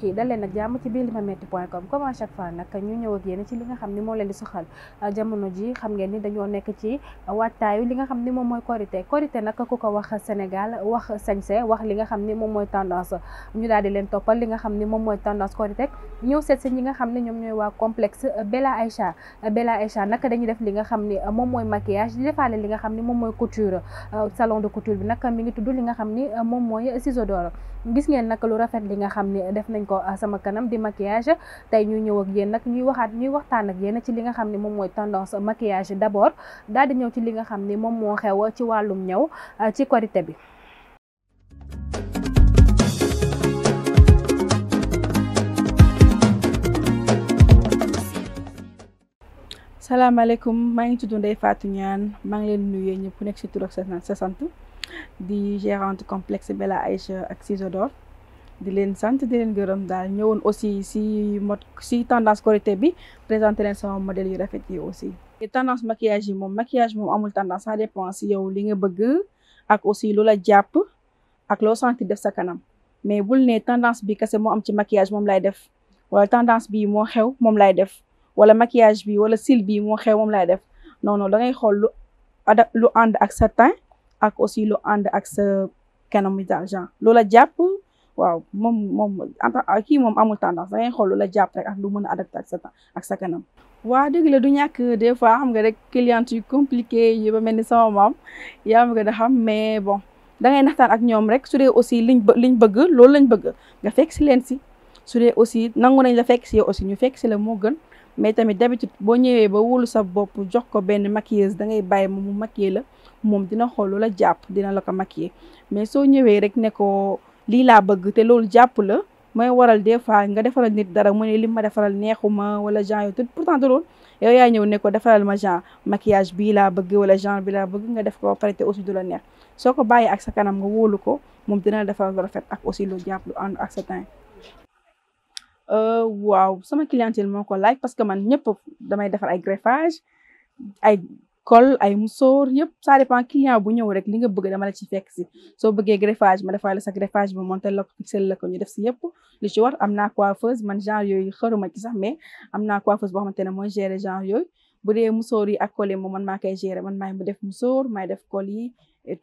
mbokk yi dal leen nag jàmm ci biir limametti point com comme à chaque fois nag ñu ñëw ak ci li nga xam ni moo leen di soxal ah, jamono ji xam ngeen ni dañoo nekk ci waajtaayu li nga xam moom mooy wax li nga xam ni moom mooy tendance ñu daal di leen toppal li nga xam ni moom mooy tendance korité ñëw seet si ñi nga xam ne ñoom ñooy waa complexe Bella Aïcha Bella Aïcha nag dañuy def li nga xam ni moom mooy maquillage di defaale li nga xam ni moom mooy couture ah, salon de couture bi nag mi ngi tudd li nga xam ni moom mooy ciseau d'or gis ngeen nag lu rafet li nga xam ni def nañ ko sama kanam di maquillage tay ñu ñëw ak yeen nak ñuy waxat ñuy waxtaan ak yeen ci li nga xamni mom moy tendance maquillage d'abord daal di ñëw ci li nga xamni mom mo xew ci walum ñëw ci qualité bi salaamaaleykum ma ngi tudd ndey Fatou Niane ma ngi leen nuyu ñepp nek ci tur 60 di gérante complexe Bella Aïcha ak Ciseaux d'Or di leen sant di leen gërëm daal ñëwoon aussi si mode si tendance Korité bi présenté leen sama modèle yu rafet yi aussi. tendance maquillage yi moom maquillage moom amul tendance ça dépend si yow li nga bëgg ak aussi lu la jàpp ak loo senti def sa kanam mais bul ne tendance bi kese moo am ci maquillage moom lay def wala tendance bi moo xew moom lay def wala maquillage bi wala cils bi moo xew moom lay def non non da ngay xool lu ada lu ànd ak sa teint ak aussi lu ànd ak sa kanam daal genre loola jàpp. waaw moom moom kii moom amul tendance da ngay xool la jàpp rek ak lu mën a adapté ak sa ak sa kanam. waa dëgg la du ñàkk des fois xam nga rek client yu compliqué yu ba mel ni sama maam yaa ma gën a xam mais bon da ngay naxtaan ak ñoom rek su dee aussi liñ liñ bëgg loolu lañ bëgg nga fekk si leen si su dee aussi nangu nañ la fekk si yow aussi ñu fekk si la moo gën. mais tamit d'habitude boo ñëwee ba wóolu sa bopp jox ko benn maquilleuse dangay ngay bàyyi moom mu maquiller la moom dina xool la jàpp dina la ko maquiller mais soo ñëwee rek ne ko li la bëgg te loolu japp la moy waral des fois nga defaral nit dara mu ne ma defaral neexuma wala genre yu te pourtant du yow ya ñëw ne ko defaral ma genre maquillage bi la bëgg wala genre bi la bëgg nga def ko paré té aussi dula la neex soo ko ak sa kanam nga wolu ko mom dina la lu rafet ak aussi lu japp lu and ak sa temps euh, waaw sama clientèle moko like parce que man ñëpp damay défar ay greffage ay col ay musóor yëpp ça dépend client bu ñëw rek li nga bëgg dama la ci fekk si soo bëggee greffage ma defal la sa greffage ba monté la ko pixel la ko ñu def si yëpp li ci war am naa man genre yooyu xëruma ci sax mais am naa coiffeuse boo xamante ne mooy gérer genre yooyu bu dee musóor yi ak col yi man maa koy gérer man maay mu def musóor maay def col yi et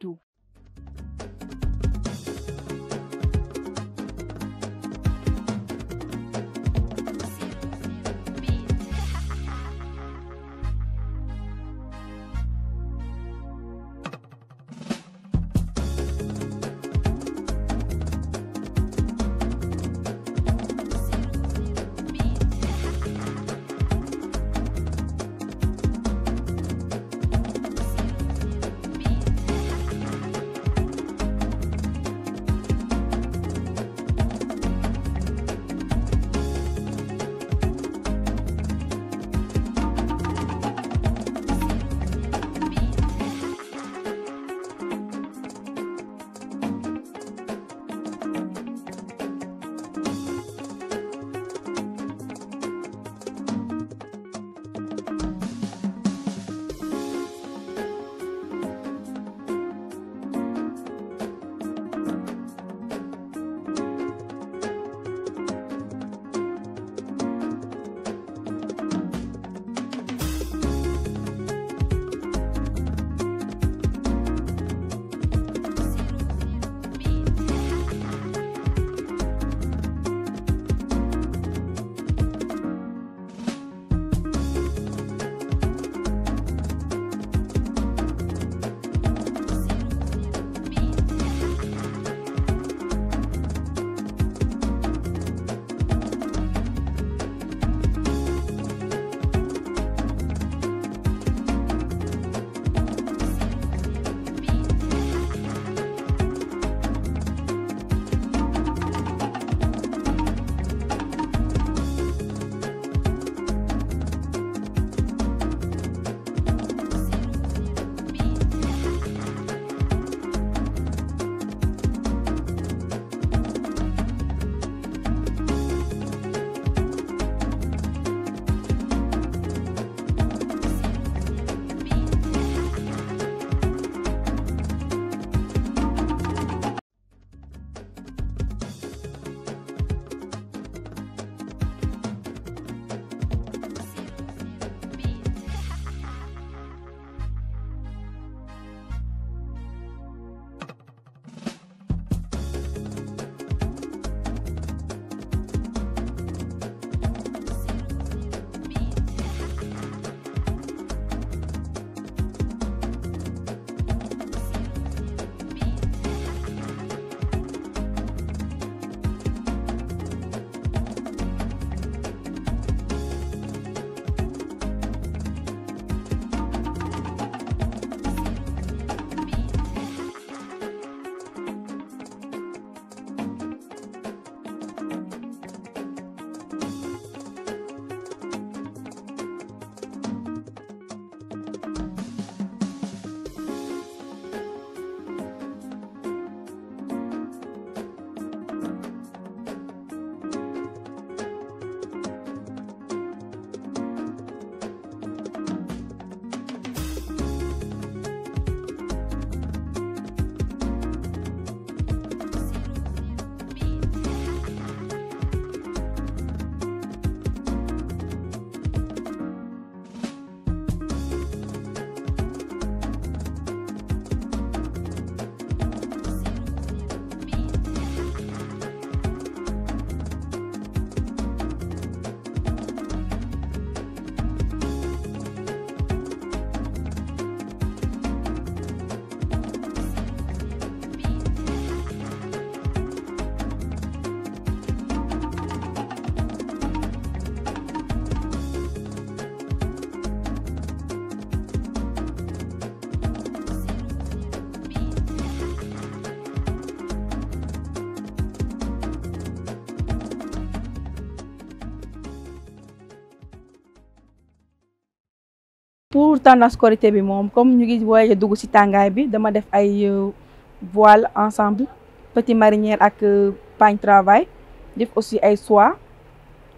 pour tendance korité bi moom comme ñu ngi waaye dugg ci tàngaay bi dama def ay euh, voile ensemble petit marinière ak euh, pagne travail il def aussi ay soie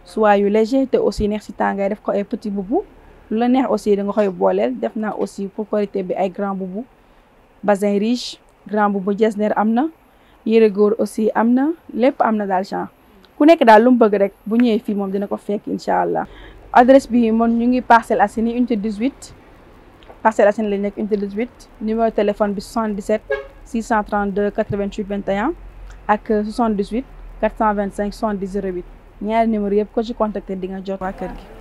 soie yu léger te aussi neex ci tàngaay def ko ay petit bubu lu la neex aussi da nga koy booleel def naa aussi pour korité bi ay grand bubu bazin riche grand bubu jesner am na yére góor aussi am na lépp am na daal genre ku nekk daal lu mu bëgg rek bu ñëwee fii moom dina ko fekk incha allah adresse bi moom ñu ngi Parcelles Assainies unité 18 Parcelles Assainies lañ nekk unité 18 numéro téléphone bi 77 632 88 21 ak 78 425 70 08 ñaari numéro yëpp ko ci contacté di nga jot waa kër gi.